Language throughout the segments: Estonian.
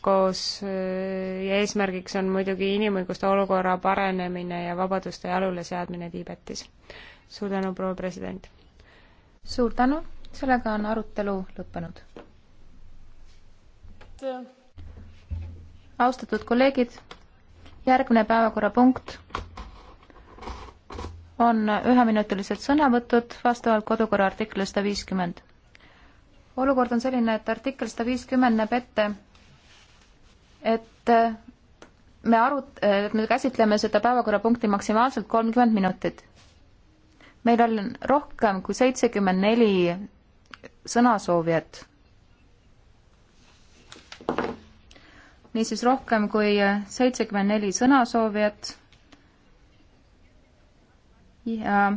koos ja eesmärgiks on muidugi inimõiguste olukorra paranemine ja vabaduste jalule seadmine Tiibetis. suur tänu, proua president! suur tänu, sellega on arutelu lõppenud. austatud kolleegid, järgmine päevakorrapunkt on üheminutilised sõnavõtud vastavalt kodukorra artiklile sada viiskümmend. olukord on selline, et artikkel sada viiskümmend näeb ette et äh, me arut-, äh, et me käsitleme seda päevakorrapunkti maksimaalselt kolmkümmend minutit. meil on rohkem kui seitsekümmend neli sõnasoovijat. niisiis rohkem kui seitsekümmend neli sõnasoovijat ja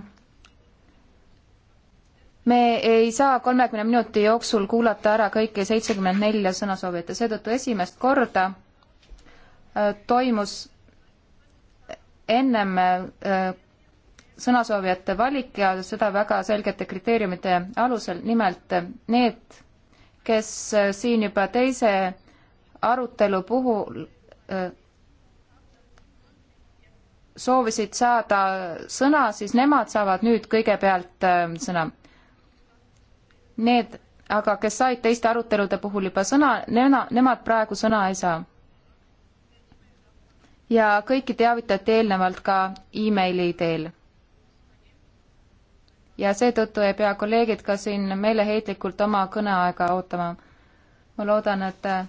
me ei saa kolmekümne minuti jooksul kuulata ära kõiki seitsekümmend nelja sõnasoovijat ja seetõttu esimest korda äh, toimus ennem äh, sõnasoovijate valik ja seda väga selgete kriteeriumite alusel, nimelt äh, need, kes siin juba teise arutelu puhul soovisid saada sõna, siis nemad saavad nüüd kõigepealt sõna Need aga, kes said teiste arutelude puhul juba sõna, nema, nemad praegu sõna ei saa. ja kõiki teavitati eelnevalt ka emaili teel. ja seetõttu ei pea kolleegid ka siin meeleheitlikult oma kõneaega ootama. ma loodan, et äh,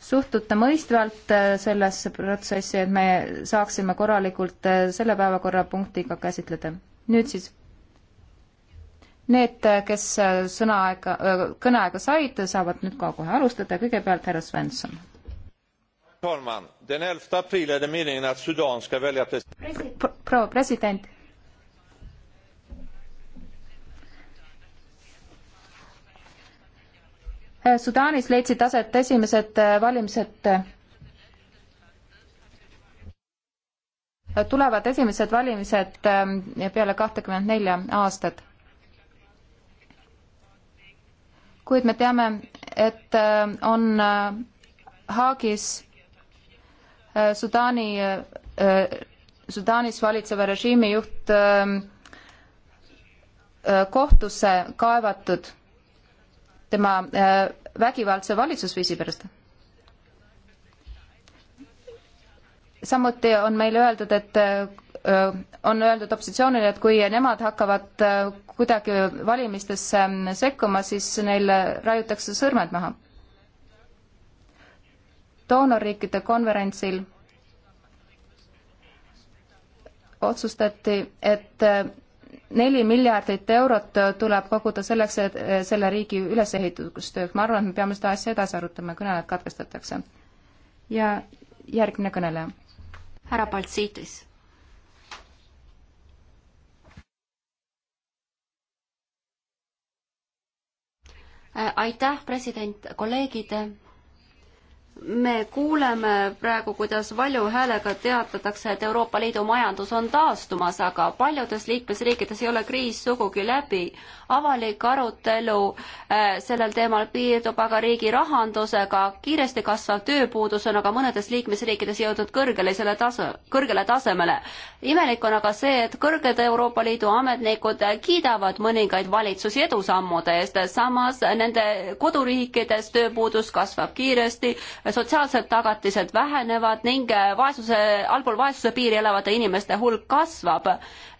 suhtute mõistvalt äh, sellesse protsessi, et me saaksime korralikult äh, selle päevakorrapunktiga käsitleda. nüüd siis Need, kes sõnaaega, kõneaega said, saavad nüüd ka kohe alustada, kõigepealt härra Svensson. proua president. Sudaanis leidsid aset esimesed valimised tulevad esimesed valimised ähm, peale kahtekümmet nelja aastat kuid me teame, et äh, on äh, Haagis äh, Sudaani, Sudaanis valitseva režiimi juht kohtusse kaevatud tema vägivaldse valitsusviisi pärast. samuti on meile öeldud, et Äh, on öeldud opositsioonile, et kui nemad hakkavad äh, kuidagi valimistesse mm, sekkuma, siis neile raiutakse sõrmed maha. doonorriikide konverentsil otsustati, et äh, neli miljardit eurot tuleb koguda selleks, et selle riigi ülesehitustööks. ma arvan, et me peame seda asja edasi arutama, kõneled katkestatakse. ja järgmine kõneleja. härra Baltsiitis Äh, aitäh, president, kolleegid! me kuuleme praegu, kuidas valju häälega teatatakse, et Euroopa Liidu majandus on taastumas, aga paljudes liikmesriikides ei ole kriis sugugi läbi. avalik arutelu äh, sellel teemal piirdub aga riigi rahandusega, kiiresti kasvav tööpuudus on aga mõnedes liikmesriikides jõudnud kõrgele selle tase, kõrgele tasemele. imelik on aga see, et kõrged Euroopa Liidu ametnikud kiidavad mõningaid valitsusi edusammude eest, samas nende koduriikides tööpuudus kasvab kiiresti, sotsiaalsed tagatised vähenevad ning vaesuse, allpool vaesuse piiri elavate inimeste hulk kasvab.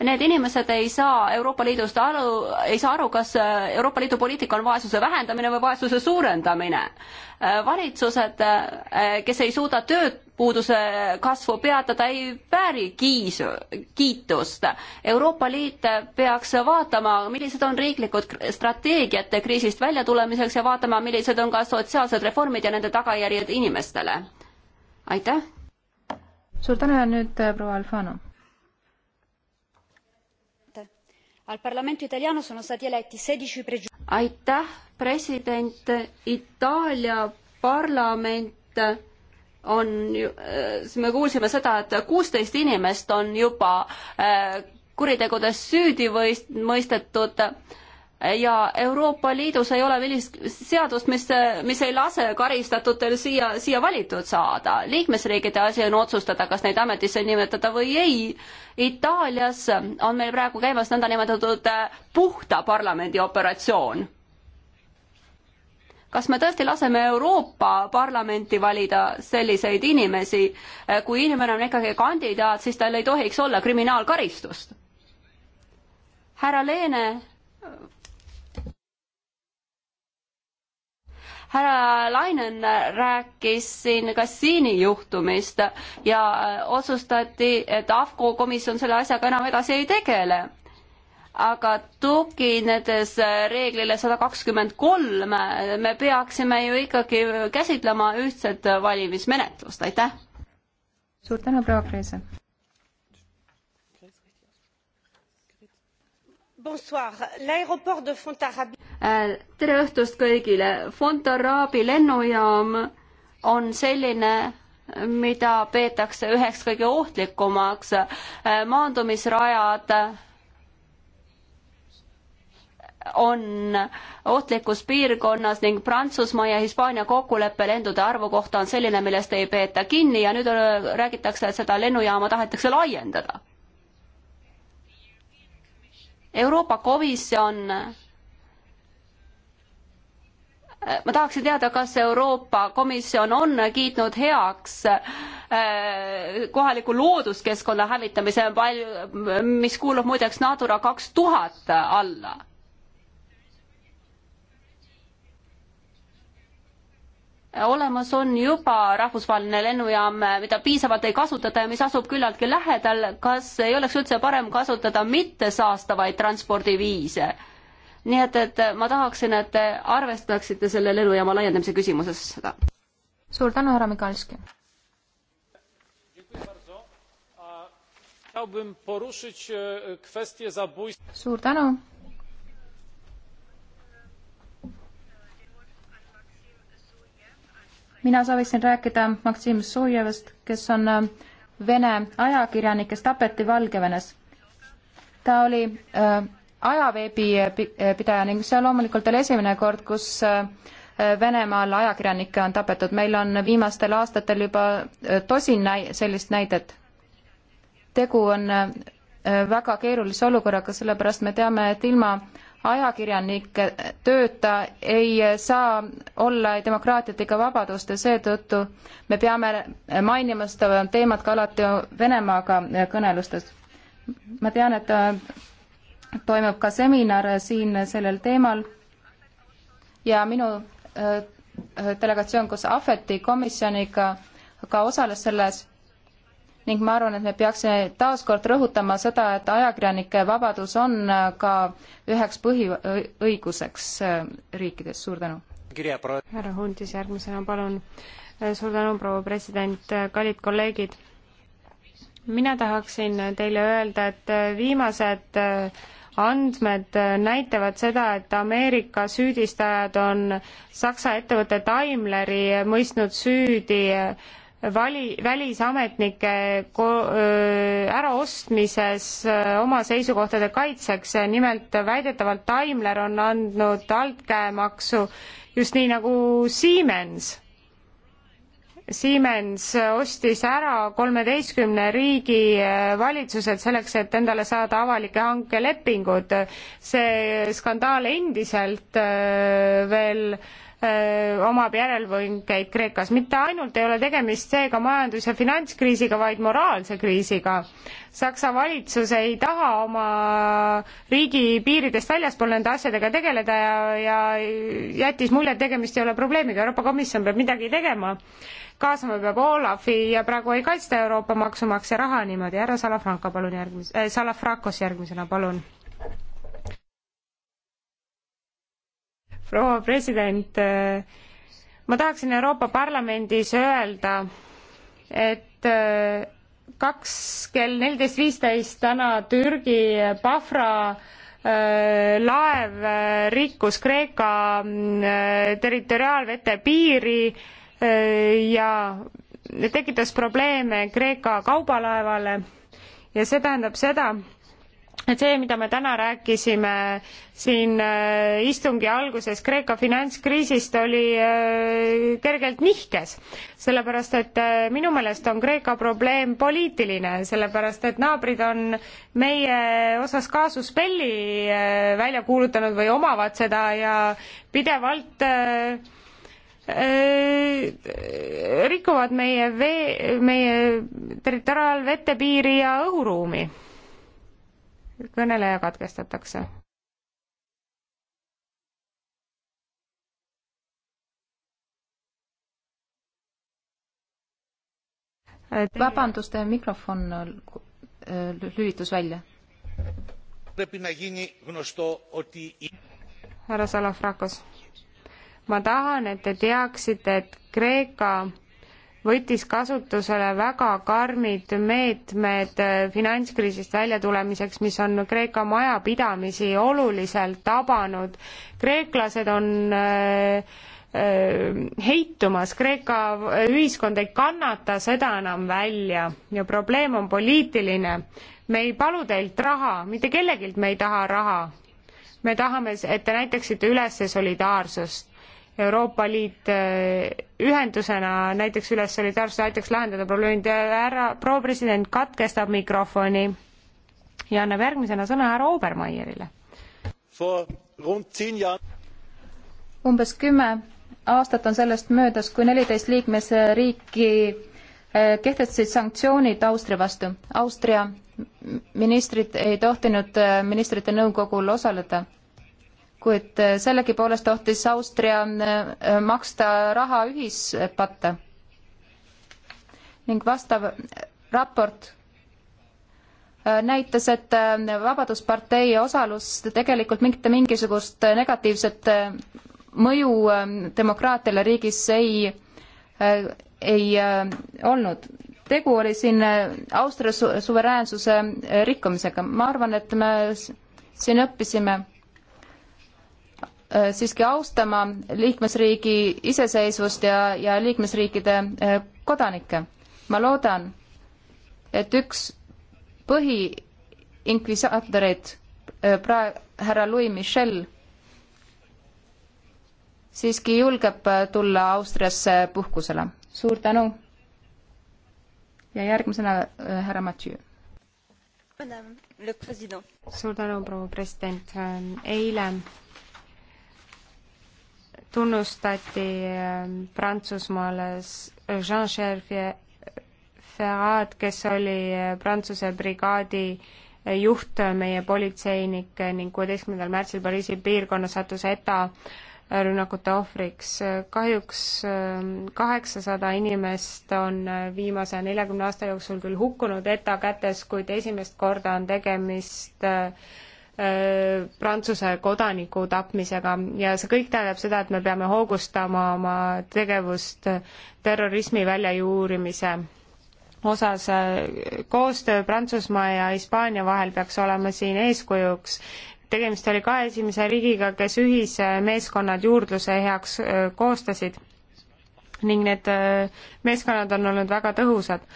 Need inimesed ei saa Euroopa Liidust aru, ei saa aru, kas Euroopa Liidu poliitika on vaesuse vähendamine või vaesuse suurendamine. valitsused, kes ei suuda tööd puuduse kasvu peatada ei vääri kiis, kiitust. Euroopa Liit peaks vaatama, millised on riiklikud strateegiad kriisist väljatulemiseks ja vaatama, millised on ka sotsiaalsed reformid ja nende tagajärjed inimestele. aitäh! suur tänu ja nüüd äh, proua Alfano. aitäh, president, Itaalia parlament on, äh, me kuulsime seda, et kuusteist inimest on juba äh, kuritegudes süüdi või mõistetud ja Euroopa Liidus ei ole millist seadust, mis, mis ei lase karistatutel siia, siia valitud saada. liikmesriikide asi on otsustada, kas neid ametisse nimetada või ei. Itaalias on meil praegu käimas nõndanimetatud äh, puhta parlamendi operatsioon kas me tõesti laseme Euroopa Parlamenti valida selliseid inimesi, kui inimene on ikkagi kandidaat, siis tal ei tohiks olla kriminaalkaristust? härra Leene. härra Lainen rääkis siin Kassiini juhtumist ja otsustati, et AFCO komisjon selle asjaga enam edasi ei tegele aga tuginedes reeglile sada kakskümmend kolm, me peaksime ju ikkagi käsitlema ühtset valimismenetlust, aitäh! suur tänu, proua Kreese! Äh, tere õhtust kõigile! Fontarabi lennujaam on selline mida peetakse üheks kõige ohtlikumaks. Äh, maandumisrajad on ohtlikus piirkonnas ning Prantsusmaa ja Hispaania kokkulepe lendude arvu kohta on selline, millest ei peeta kinni ja nüüd räägitakse, et seda lennujaama tahetakse laiendada. Euroopa Komisjon ma tahaksin teada, kas Euroopa Komisjon on kiitnud heaks äh, kohaliku looduskeskkonna hävitamise, mis kuulub muideks Natura kaks tuhat alla olemas on juba rahvusvaheline lennujaam, mida piisavalt ei kasutata ja mis asub küllaltki lähedal, kas ei oleks üldse parem kasutada mittesaastavaid transpordiviise? nii et, et ma tahaksin, et te arvestaksite selle lennujaama laiendamise küsimuses seda. suur tänu, härra Mikalski. E, suur tänu mina sooviksin rääkida Maksim Sujevast, kes on äh, Vene ajakirjanik, kes tapeti Valgevenes. ta oli äh, ajaveebi äh, äh, pidaja ning see on loomulikult oli esimene kord, kus äh, Venemaal ajakirjanikke on tapetud. meil on viimastel aastatel juba tosin näi-, sellist näidet. tegu on väga keerulise olukorraga, sellepärast me teame, et ilma ajakirjanike tööta ei saa olla ei demokraatiat ega vabadust ja seetõttu me peame mainima seda teemat ka alati Venemaaga kõnelustes. ma tean, et äh, toimub ka seminar siin sellel teemal ja minu äh, delegatsioon koos Ahveti komisjoniga ka osales selles ning ma arvan, et me peaksime taaskord rõhutama seda, et ajakirjanike vabadus on äh, ka üheks põhiõiguseks äh, riikides, suur tänu. härra Huntis järgmisena, palun. Äh, suur tänu, proua president, kallid kolleegid. mina tahaksin teile öelda, et viimased andmed näitavad seda, et Ameerika süüdistajad on Saksa ettevõtte Daimleri mõistnud süüdi vali, välisametnike ko-, äraostmises oma seisukohtade kaitseks, nimelt väidetavalt Daimler on andnud altkäemaksu just nii nagu Siemens. Siemens ostis ära kolmeteistkümne riigi valitsused selleks, et endale saada avalike hankelepingud. see skandaal endiselt veel äh, omab järelvõngeid Kreekas. mitte ainult ei ole tegemist seega majandus- ja finantskriisiga, vaid moraalse kriisiga. Saksa valitsus ei taha oma riigi piiridest väljaspool nende asjadega tegeleda ja, ja jättis mulje, et tegemist ei ole probleemiga. Euroopa Komisjon peab midagi tegema. kaasama peab Olafi ja praegu ei kaitsta Euroopa maksumaksja raha niimoodi. härra Salafranco, palun järgmise äh,, Salafrakos järgmisena, palun proua president, ma tahaksin Euroopa Parlamendis öelda, et kaks kell neliteist viisteist täna Türgi Pafra laev rikkus Kreeka territoriaalvete piiri ja tekitas probleeme Kreeka kaubalaevale ja see tähendab seda, et see, mida me täna rääkisime siin äh, istungi alguses Kreeka finantskriisist, oli äh, kergelt nihkes. sellepärast, et äh, minu meelest on Kreeka probleem poliitiline, sellepärast et naabrid on meie osas kaasuspelli välja kuulutanud või omavad seda ja pidevalt rikuvad meie vee, meie territoriaalvete piiri ja õhuruumi kõneleja katkestatakse. vabandust, mikrofon äh, lülitus välja. härra Salafrakos, ma tahan, et te teaksite, et Kreeka võttis kasutusele väga karmid meetmed äh, finantskriisist väljatulemiseks, mis on Kreeka majapidamisi oluliselt tabanud. kreeklased on äh, äh, heitumas, Kreeka ühiskond ei kannata seda enam välja ja probleem on poliitiline. me ei palu teilt raha, mitte kellegilt me ei taha raha. me tahame, et te näitaksite üles solidaarsust Euroopa Liit eh, ühendusena näiteks üles solidaarsuse aitaks lahendada probleemid. härra proua president katkestab mikrofoni ja annab järgmisena sõna härra Obermeierile. umbes kümme aastat on sellest möödas, kui neliteist liikmesriiki eh, kehtestasid sanktsioonid Austria vastu. Austria ministrid ei tohtinud eh, ministrite nõukogul osaleda kuid äh, sellegipoolest tohtis Austria äh, maksta raha ühispatta ning vastav äh, raport näitas, et Vabaduspartei osalus tegelikult mitte mingisugust negatiivset mõju ähm, demokraatiale riigis ei, ei olnud. tegu oli siin Austria suveräänsuse rikkumisega. ma arvan, et me siin õppisime Äh, siiski austama liikmesriigi iseseisvust ja, ja liikmesriikide äh, kodanikke. ma loodan, et üks põhiinkvisaatoreid, äh, pra-, härra Louis Michel, siiski julgeb tulla Austriasse puhkusele. suur tänu! ja järgmisena härra Mathieu. suur tänu, proua president, ähm, eile tunnustati ähm, Prantsusmaale Jean-Cher Ferrat, kes oli äh, Prantsuse brigaadi äh, juht, äh, meie politseinik ning kuueteistkümnendal märtsil Pariisi piirkonnas sattus ETA rünnakute ohvriks. kahjuks ähm, kaheksasada inimest on viimase neljakümne aasta jooksul küll hukkunud ETA kätes, kuid esimest korda on tegemist äh, Äh, Prantsuse kodaniku tapmisega ja see kõik tähendab seda, et me peame hoogustama oma tegevust terrorismi väljajuurimise osas. koostöö Prantsusmaa ja Hispaania vahel peaks olema siin eeskujuks. tegemist oli ka esimese riigiga, kes ühismeeskonnad juurdluse heaks äh, koostasid ning need äh, meeskonnad on olnud väga tõhusad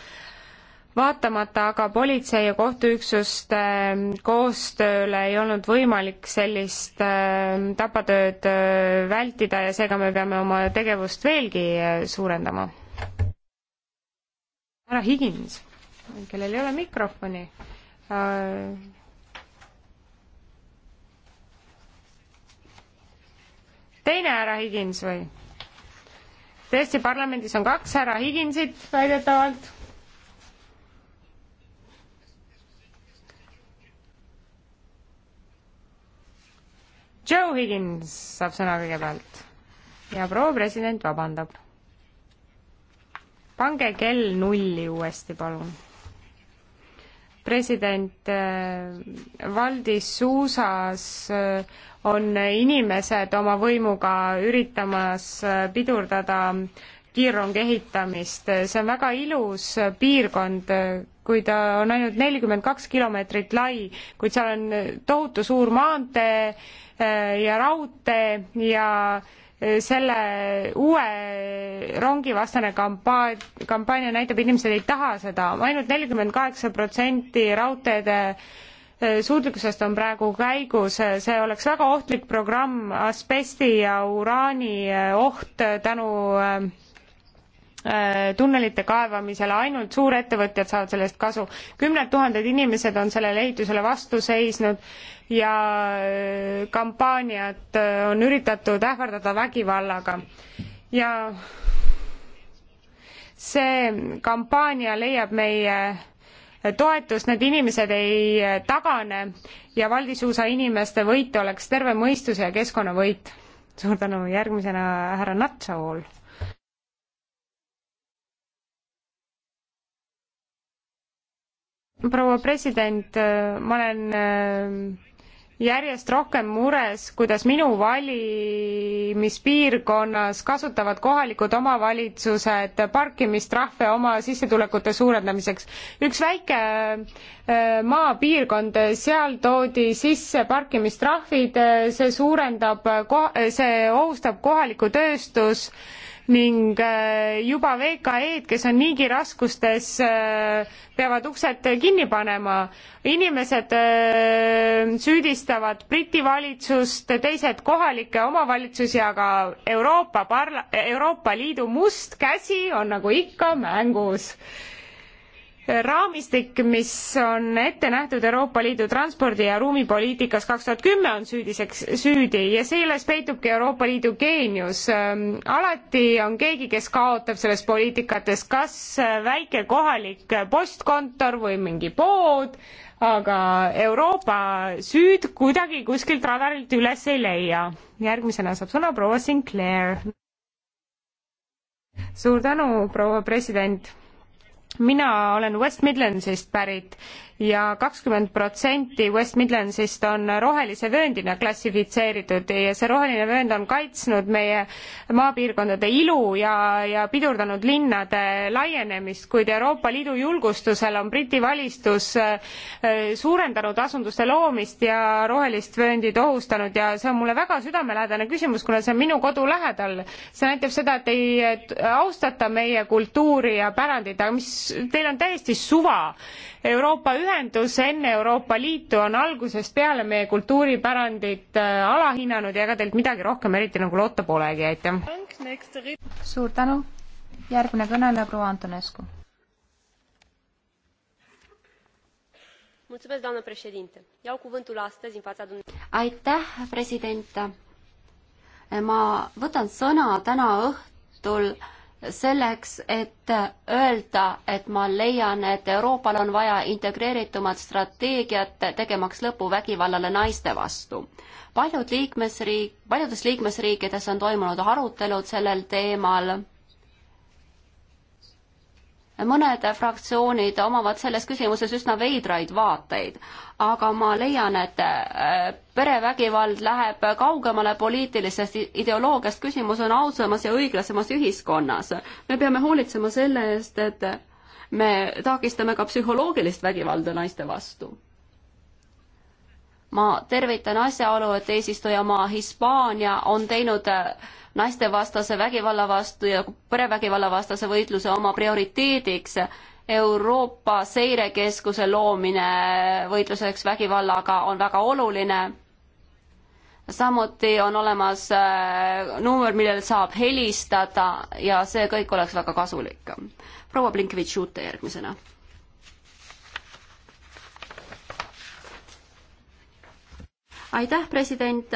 vaatamata aga politsei ja kohtuüksuste ähm, koostööle ei olnud võimalik sellist ähm, tapatööd äh, vältida ja seega me peame oma tegevust veelgi äh, suurendama. härra Higins, kellel ei ole mikrofoni äh,. teine härra Higins või? tõesti, parlamendis on kaks härra Higinsit väidetavalt Joe Higgins saab sõna kõigepealt ja proua president vabandab. pange kell nulli uuesti, palun. president äh, Valdis Suusas äh, on inimesed oma võimuga üritamas äh, pidurdada kiirrongi ehitamist. see on väga ilus piirkond, kui ta on ainult nelikümmend kaks kilomeetrit lai, kuid seal on tohutu suur maantee äh, ja raudtee ja äh, selle uue rongivastane kampaania, kampaania näitab, inimesed ei taha seda ainult, ainult nelikümmend kaheksa protsenti raudteede äh, suutlikkusest on praegu käigus, see oleks väga ohtlik programm, asbesti ja uraani oht tänu Äh, tunnelite kaevamisel, ainult suurettevõtjad saavad sellest kasu. kümned tuhanded inimesed on sellele ehitusele vastu seisnud ja äh, kampaaniat äh, on üritatud ähvardada vägivallaga. ja see kampaania leiab meie toetust, need inimesed ei tagane ja Valdisuusa inimeste võit oleks terve mõistuse ja keskkonnavõit. suur tänu, järgmisena härra Natsaool proua president, ma olen äh, järjest rohkem mures, kuidas minu valimispiirkonnas kasutavad kohalikud omavalitsused parkimistrahve oma sissetulekute suurendamiseks. üks väike äh, maapiirkond, seal toodi sisse parkimistrahvid, see suurendab, see ohustab kohalikku tööstus ning äh, juba VKE-d, kes on niigi raskustes, äh, peavad uksed kinni panema. inimesed äh, süüdistavad Briti valitsust, teised kohalikke omavalitsusi, aga Euroopa parla-, Euroopa Liidu must käsi on nagu ikka mängus raamistik, mis on ette nähtud Euroopa Liidu transpordi- ja ruumipoliitikas kaks tuhat kümme, on süüdiseks, süüdi ja selles peitubki Euroopa Liidu geenius. Ähm, alati on keegi, kes kaotab selles poliitikates, kas äh, väike kohalik postkontor või mingi pood, aga Euroopa süüd kuidagi kuskilt radarilt üles ei leia. järgmisena saab sõna proua Sinclair. suur tänu, proua president mina olen West Midlandsist pärit ja kakskümmend protsenti West Midlandsist on rohelise vööndina klassifitseeritud ja see roheline vöönd on kaitsnud meie maapiirkondade ilu ja, ja pidurdanud linnade laienemist, kuid Euroopa Liidu julgustusel on Briti valitsus äh, suurendanud asunduste loomist ja rohelist vööndit ohustanud ja see on mulle väga südamelähedane küsimus, kuna see on minu kodu lähedal. see näitab seda, et ei austata meie kultuuri ja pärandit, aga mis, teil on täiesti suva Euroopa ühendus enne Euroopa Liitu on algusest peale meie kultuuripärandit äh, alahinnanud ja ega teilt midagi rohkem eriti nagu loota polegi, aitäh. suur tänu, järgmine kõneleja proua Antonescu. aitäh, president. ma võtan sõna täna õhtul selleks, et öelda, et ma leian, et Euroopal on vaja integreeritumat strateegiat, tegemaks lõpu vägivallale naiste vastu. paljud liikmesriik, paljudes liikmesriikides on toimunud arutelud sellel teemal mõned fraktsioonid omavad selles küsimuses üsna veidraid vaateid, aga ma leian, et äh, perevägivald läheb kaugemale poliitilisest ideoloogiast, küsimus on ausamas ja õiglasemas ühiskonnas. me peame hoolitsema selle eest, et me takistame ka psühholoogilist vägivalda naiste vastu ma tervitan asjaolu, et eesistujamaa Hispaania on teinud äh, naistevastase vägivalla vastu ja perevägivalla vastase võitluse oma prioriteediks. Euroopa Seirekeskuse loomine võitluseks vägivallaga on väga oluline. samuti on olemas äh, number, millele saab helistada ja see kõik oleks väga kasulik. proua Blinkevitš-Jute järgmisena aitäh, president!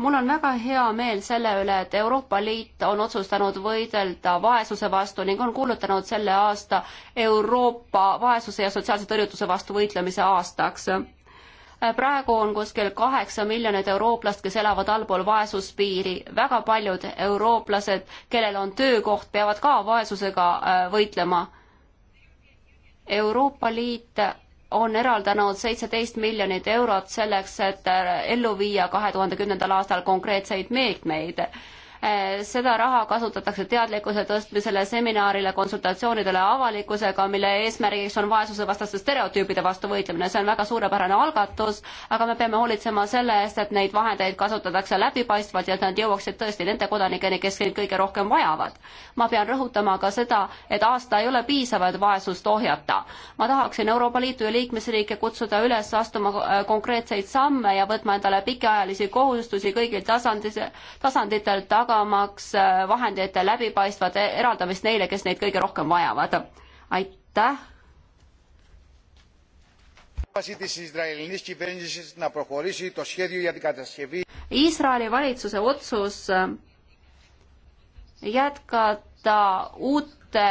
mul on väga hea meel selle üle, et Euroopa Liit on otsustanud võidelda vaesuse vastu ning on kuulutanud selle aasta Euroopa vaesuse ja sotsiaalse tõrjutuse vastu võitlemise aastaks. praegu on kuskil kaheksa miljonit eurooplast, kes elavad allpool vaesuspiiri. väga paljud eurooplased, kellel on töökoht, peavad ka vaesusega äh, võitlema. Euroopa Liit on eraldanud seitseteist miljonit eurot selleks, et ellu viia kahe tuhande kümnendal aastal konkreetseid meetmeid Eh, seda raha kasutatakse teadlikkuse tõstmisele, seminarile, konsultatsioonidele avalikkusega, mille eesmärgiks on vaesusevastaste stereotüüpide vastu võitlemine. see on väga suurepärane algatus, aga me peame hoolitsema selle eest, et neid vahendeid kasutatakse läbipaistvalt ja et nad jõuaksid tõesti nende kodanikeni, kes neid kõige rohkem vajavad. ma pean rõhutama ka seda, et aasta ei ole piisav, et vaesust ohjata. ma tahaksin Euroopa Liitu ja liikmesriike kutsuda üles astuma äh, konkreetseid samme ja võtma endale pikaajalisi kohustusi kõigil tasandis, tasanditel taga, tagamaks äh, vahendite läbipaistvat e-, eraldamist neile, kes neid kõige rohkem vajavad. aitäh. Iisraeli valitsuse otsus äh, jätkata uute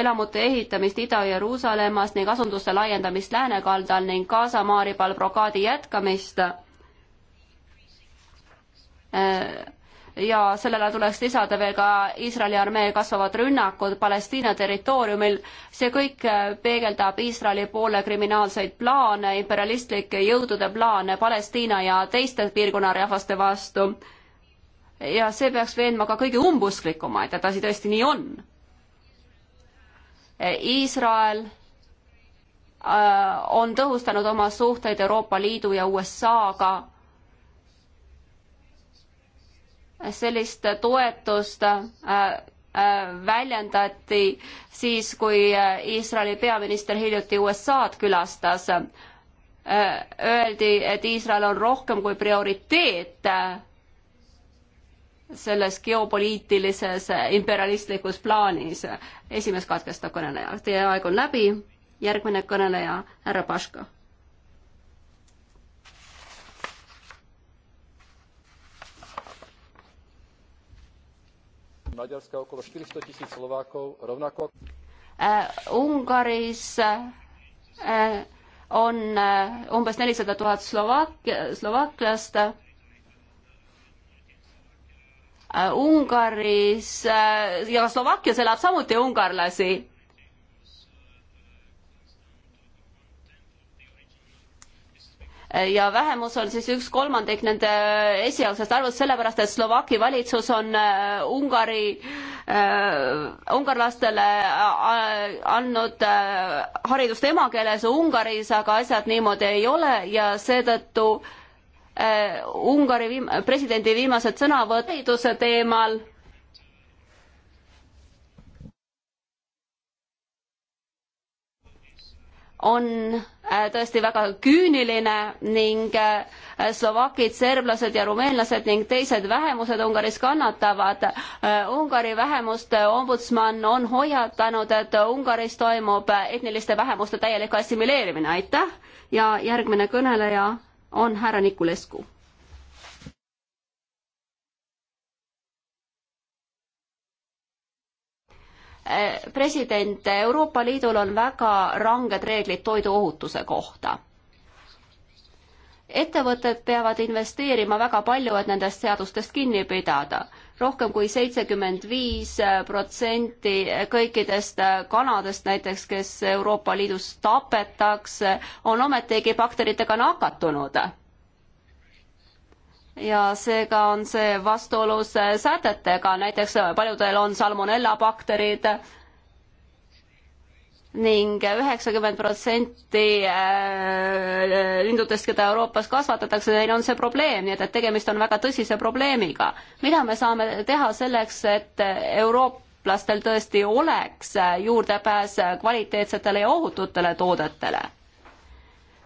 elamute ehitamist Ida-Jeruusalemmas ning asunduste laiendamist läänekaldal ning Gaza Maaripal blokaadi jätkamist äh, ja sellele tuleks lisada veel ka Iisraeli armee kasvavad rünnakud Palestiina territooriumil. see kõik äh, peegeldab Iisraeli poole kriminaalseid plaane, imperialistlikke jõudude plaane Palestiina ja teiste piirkonna rahvaste vastu. ja see peaks veenma ka kõige umbusklikumaid, et asi tõesti nii on. Äh, Iisrael äh, on tõhustanud oma suhteid Euroopa Liidu ja USA-ga sellist toetust äh, äh, väljendati siis, kui äh, Iisraeli peaminister hiljuti USA-d külastas. Öeldi, et Iisrael on rohkem kui prioriteet selles geopoliitilises imperialistlikus plaanis. esimees katkestab kõneleja, teie aeg on läbi, järgmine kõneleja, härra Paška Maďarska okolo 400 tisíc Slovákov, rovnako äh,. Ungaris äh, on äh, umbes nelisada tuhat Slovaak-, slovaaklast äh,. Ungaris äh, ja Slovakkias elab samuti ungarlasi ja vähemus on siis üks kolmandik nende esialgsest arvust, sellepärast et Slovaki valitsus on äh, Ungari äh,, ungarlastele äh, andnud äh, haridust emakeeles Ungaris, aga asjad niimoodi ei ole ja seetõttu äh, Ungari viim-, presidendi viimased sõnavõtt hariduse teemal äh, on äh, tõesti väga küüniline ning äh, slovakid, serblased ja rumeenlased ning teised vähemused Ungaris kannatavad. Äh, Ungari vähemuste ombudsman on hoiatanud, et Ungaris toimub etniliste vähemuste täielik assimileerimine, aitäh ja järgmine kõneleja on härra Nikulescu Eh, president, Euroopa Liidul on väga ranged reeglid toiduohutuse kohta. ettevõtted peavad investeerima väga palju, et nendest seadustest kinni pidada. rohkem kui seitsekümmend viis protsenti kõikidest kanadest näiteks, kes Euroopa Liidus tapetakse, on ometigi bakteritega nakatunud ja seega on see vastuolus äh, sätetega, näiteks äh, paljudel on salmonella bakterid ning üheksakümmend protsenti äh, lindudest, keda Euroopas kasvatatakse, neil on see probleem, nii et, et tegemist on väga tõsise probleemiga. mida me saame teha selleks, et eurooplastel tõesti oleks juurdepääs kvaliteetsetele ja ohututele toodetele?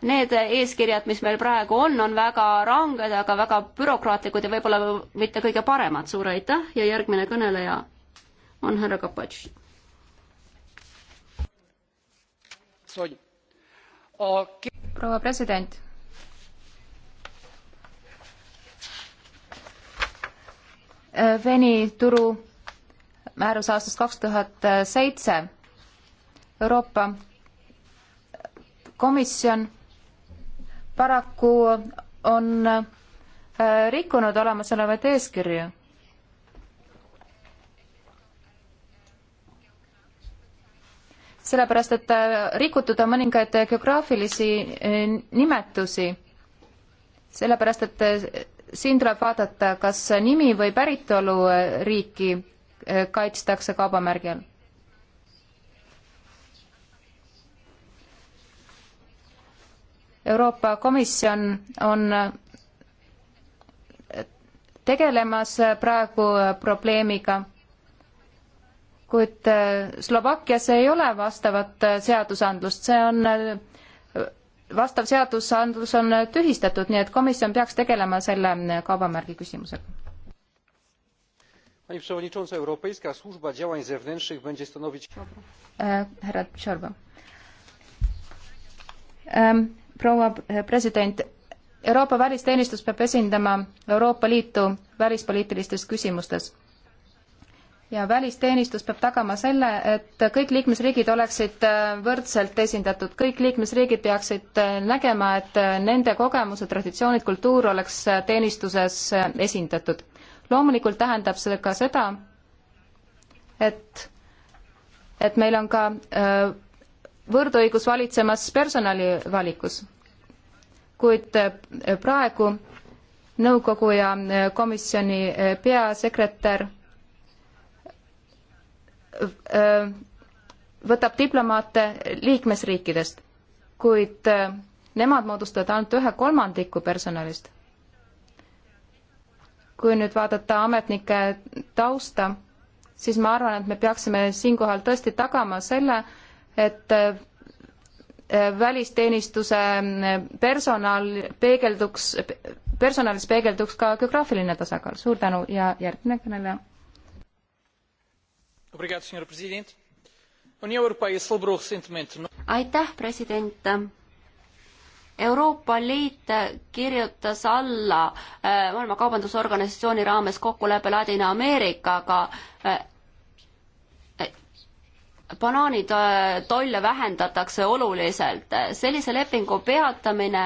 Need eeskirjad, mis meil praegu on, on väga ranged, aga väga bürokraatlikud ja võib-olla mitte kõige paremad. suur aitäh ja järgmine kõneleja on härra Kapatš. proua president Veni turu määrus aastast kaks tuhat seitse Euroopa Komisjon paraku on äh, rikkunud olemasolevaid eeskirju. sellepärast, et äh, rikutud on mõningaid äh, geograafilisi nimetusi. sellepärast, et siin tuleb vaadata, kas nimi või päritoluriiki kaitstakse kaubamärgi all Euroopa Komisjon on tegelemas praegu probleemiga, kuid Slovakkias ei ole vastavat seadusandlust, see on, vastav seadusandlus on tühistatud, nii et komisjon peaks tegelema selle kaubamärgi küsimusega. Pani przewodnicząca, Europejska Służba Działań Zewnętrznych będzie stanowić. E, Herra Czorba. Um, proua eh, president, Euroopa välisteenistus peab esindama Euroopa Liitu välispoliitilistes küsimustes. ja välisteenistus peab tagama selle, et kõik liikmesriigid oleksid eh, võrdselt esindatud, kõik liikmesriigid peaksid eh, nägema, et nende kogemused, traditsioonid, kultuur oleks teenistuses esindatud. loomulikult tähendab see ka seda, et, et meil on ka öö, võrdõigus valitsemas personali valikus. kuid äh, praegu nõukogu ja äh, komisjoni äh, peasekretär võtab diplomaate liikmesriikidest, kuid nemad moodustavad ainult ühe kolmandiku personalist. kui nüüd vaadata ametnike tausta, siis ma arvan, et me peaksime siinkohal tõesti tagama selle, et äh, välisteenistuse personal peegelduks, personalis peegelduks ka geograafiline tasakaal. suur tänu ja järgmine kõneleja. aitäh, president. Euroopa Liit kirjutas alla äh, Maailma Kaubandusorganisatsiooni raames kokkuleppe Ladina-Ameerikaga äh, banaanitolle vähendatakse oluliselt. sellise lepingu peatamine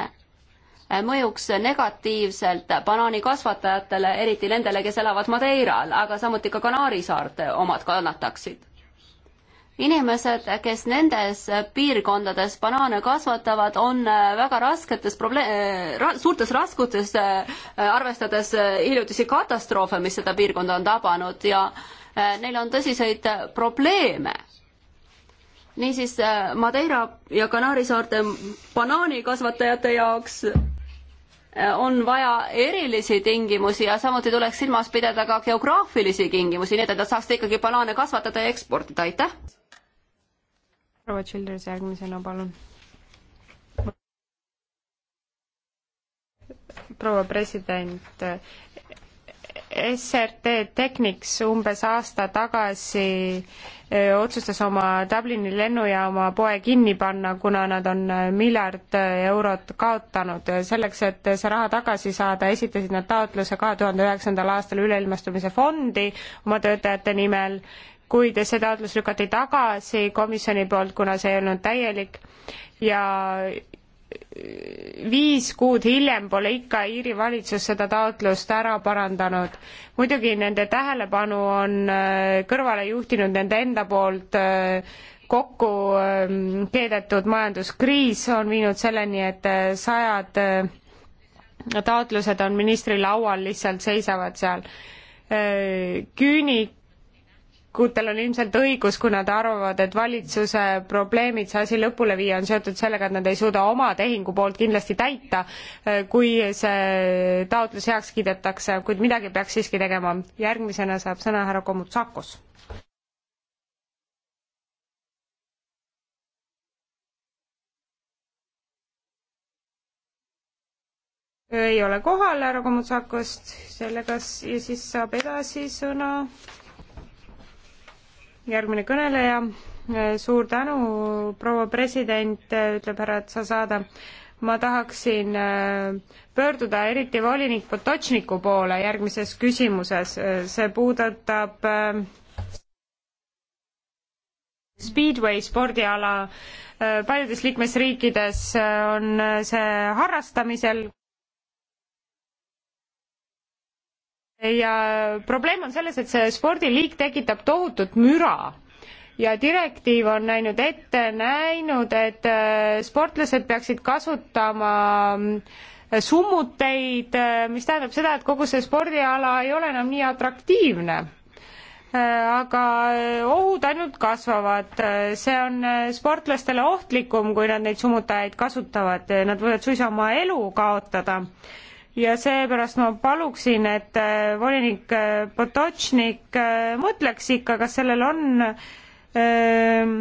eh, mõjuks negatiivselt banaanikasvatajatele, eriti nendele, kes elavad Madeiral, aga samuti ka Kanaari saarte omad kannataksid. inimesed, kes nendes piirkondades banaane kasvatavad, on eh, väga rasketes probleem- eh, ra, suurtes raskustes, arvestades hiljutisi katastroofe, mis seda piirkonda on tabanud ja neil on tõsiseid probleeme niisiis äh, Madeira ja Kanaari saarte banaanikasvatajate jaoks äh, on vaja erilisi tingimusi ja samuti tuleks silmas pidada ka geograafilisi tingimusi, nii et nad saaks ikkagi banaane kasvatada ja eksportida, aitäh! proua Childers järgmisena, palun. proua president, SRT Technics umbes aasta tagasi öö, otsustas oma Dublini lennujaama poe kinni panna, kuna nad on miljard eurot kaotanud. selleks, et see raha tagasi saada, esitasid nad taotluse kahe tuhande üheksandal aastal üleilmastumise fondi oma töötajate nimel, kuid see taotlus lükati tagasi komisjoni poolt, kuna see ei olnud täielik ja viis kuud hiljem pole ikka Iiri valitsus seda taotlust ära parandanud. muidugi nende tähelepanu on äh, kõrvale juhtinud nende enda poolt äh, kokku ähm, keedetud majanduskriis on viinud selleni, et äh, sajad taotlused on ministri laual, lihtsalt seisavad seal. küünik poliitikutel on ilmselt õigus, kui nad arvavad, et valitsuse probleemid see asi lõpule viia on seotud sellega, et nad ei suuda oma tehingu poolt kindlasti täita, eh, kui see taotlus heaks kiidetakse, kuid midagi peaks siiski tegema. järgmisena saab sõna härra Komutsakos. ei ole kohal härra Komutsakost, sellega siis saab edasi sõna järgmine kõneleja, suur tänu, proua president, ütleb härra Tsasada. ma tahaksin äh, pöörduda eriti volinik Potočniku poole järgmises küsimuses, äh, see puudutab äh, Speedway spordiala, paljudes liikmesriikides on see harrastamisel ja probleem on selles, et see spordiliik tekitab tohutut müra ja direktiiv on näinud ette, näinud, et äh, sportlased peaksid kasutama mm, summuteid, äh, mis tähendab seda, et kogu see spordiala ei ole enam nii atraktiivne. Äh, aga ohud ainult kasvavad, see on sportlastele ohtlikum, kui nad neid summutajaid kasutavad, nad võivad suisa oma elu kaotada ja seepärast ma paluksin, et äh, volinik äh, Potočnik äh, mõtleks ikka, kas sellel on ähm,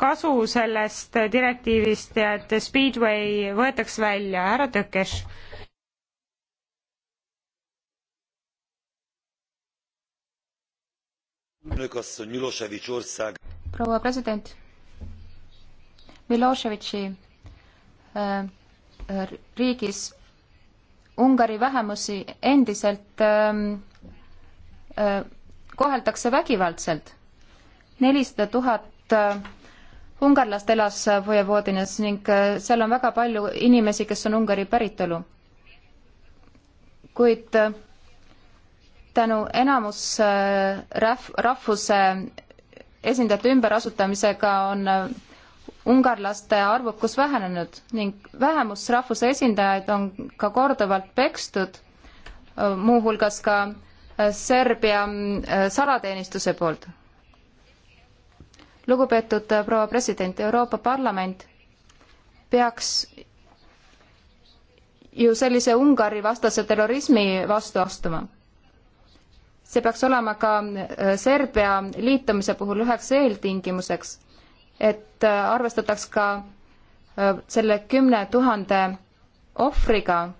kasu sellest direktiivist ja et Speedway võetaks välja, härra Tökes. proua president, Miloševitši riigis Ungari vähemusi endiselt ähm, äh, koheldakse vägivaldselt. nelisada tuhat äh, ungarlast elas Vojevodinas ning äh, seal on väga palju inimesi, kes on Ungari päritolu. kuid äh, tänu enamus rahv-, rahvuse esindajate ümberasutamisega on ungarlaste arvukus vähenenud ning vähemusrahvuse esindajaid on ka korduvalt pekstud, muuhulgas ka Serbia salateenistuse poolt. lugupeetud proua president, Euroopa Parlament peaks ju sellise Ungari vastase terrorismi vastu astuma. see peaks olema ka Serbia liitumise puhul üheks eeltingimuseks et äh, arvestataks ka äh, selle kümne tuhande ohvriga,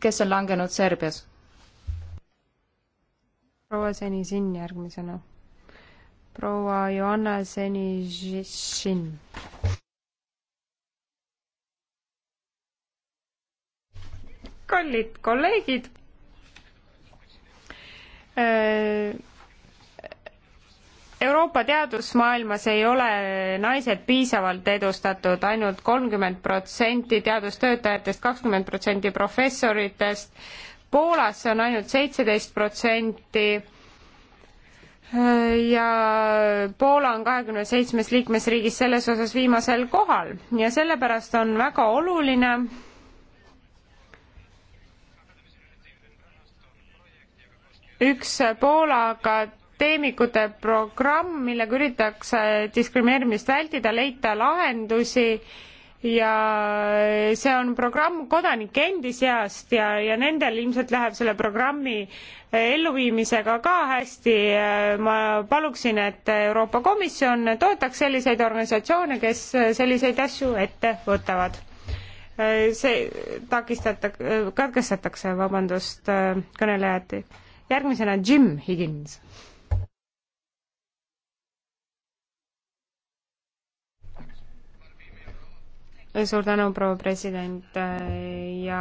kes on langenud Serbias. proua Senisin järgmisena. proua Johanna Senisin. kallid kolleegid äh Euroopa teadusmaailmas ei ole naised piisavalt edustatud ainult, ainult kolmkümmend protsenti teadustöötajatest, kakskümmend protsenti professoritest, Poolas on ainult seitseteist protsenti ja Poola on kahekümne seitsmes liikmesriigis selles osas viimasel kohal ja sellepärast on väga oluline üks Poolaga akadeemikute programm, millega üritatakse diskrimineerimist vältida, leida lahendusi ja see on programm kodanike endi seast ja, ja nendel ilmselt läheb selle programmi elluviimisega ka hästi. ma paluksin, et Euroopa Komisjon toetaks selliseid organisatsioone, kes selliseid asju ette võtavad. see takistatakse, katkestatakse, vabandust, kõnelejati. järgmisena Jim Higgins suur tänu, proua president ja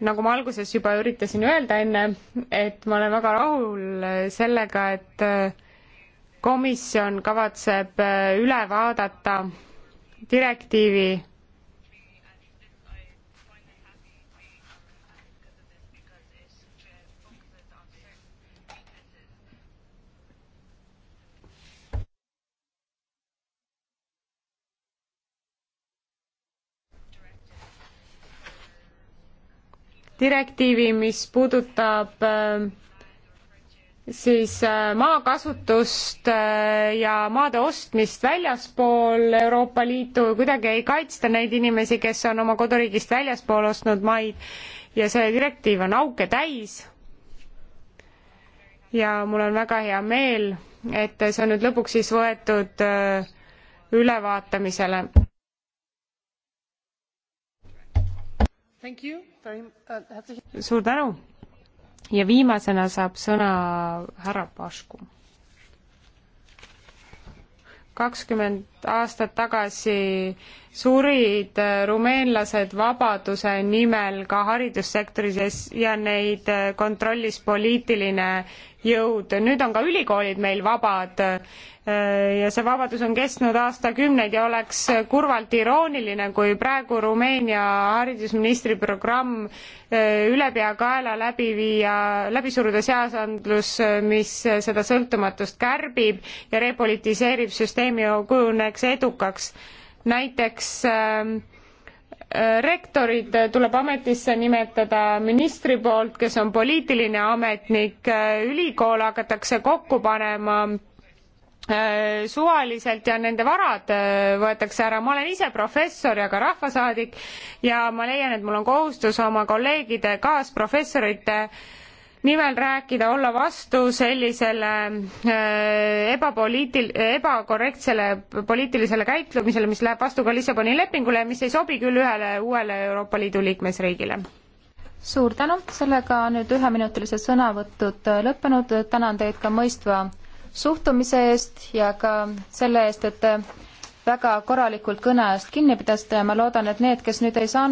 nagu ma alguses juba üritasin öelda enne, et ma olen väga rahul sellega, et komisjon kavatseb üle vaadata direktiivi direktiivi, mis puudutab äh, siis äh, maakasutust äh, ja maade ostmist väljaspool Euroopa Liitu, kuidagi ei kaitsta neid inimesi, kes on oma koduriigist väljaspool ostnud maid ja see direktiiv on auke täis. ja mul on väga hea meel, et see on nüüd lõpuks siis võetud ülevaatamisele Uh, suur tänu ja viimasena saab sõna härra Pašku. kakskümmend aastat tagasi surid äh, rumeenlased vabaduse nimel ka haridussektoris ja neid äh, kontrollis poliitiline jõud. nüüd on ka ülikoolid meil vabad äh, ja see vabadus on kestnud aastakümneid ja oleks kurvalt irooniline, kui praegu Rumeenia haridusministri programm ülepeakaela läbi viia, läbi suruda seadusandlus, mis seda sõltumatust kärbib ja repolitiseerib süsteemi kujune selleks edukaks. näiteks ähm, äh, rektorid tuleb ametisse nimetada ministri poolt, kes on poliitiline ametnik, äh, ülikool hakatakse kokku panema äh, suvaliselt ja nende varad äh, võetakse ära. ma olen ise professor ja ka rahvasaadik ja ma leian, et mul on kohustus oma kolleegide kaasprofessorite äh, nimel rääkida, olla vastu sellisele äh, ebapoliitil-, ebakorrektsele poliitilisele käitumisele, mis läheb vastu ka Lissaboni lepingule ja mis ei sobi küll ühele uuele Euroopa Liidu liikmesriigile. suur tänu, sellega nüüd üheminutilised sõnavõtud äh, lõppenud, tänan teid ka mõistva suhtumise eest ja ka selle eest, et väga korralikult kõne eest kinni pidasite ja ma loodan, et need, kes nüüd ei saanud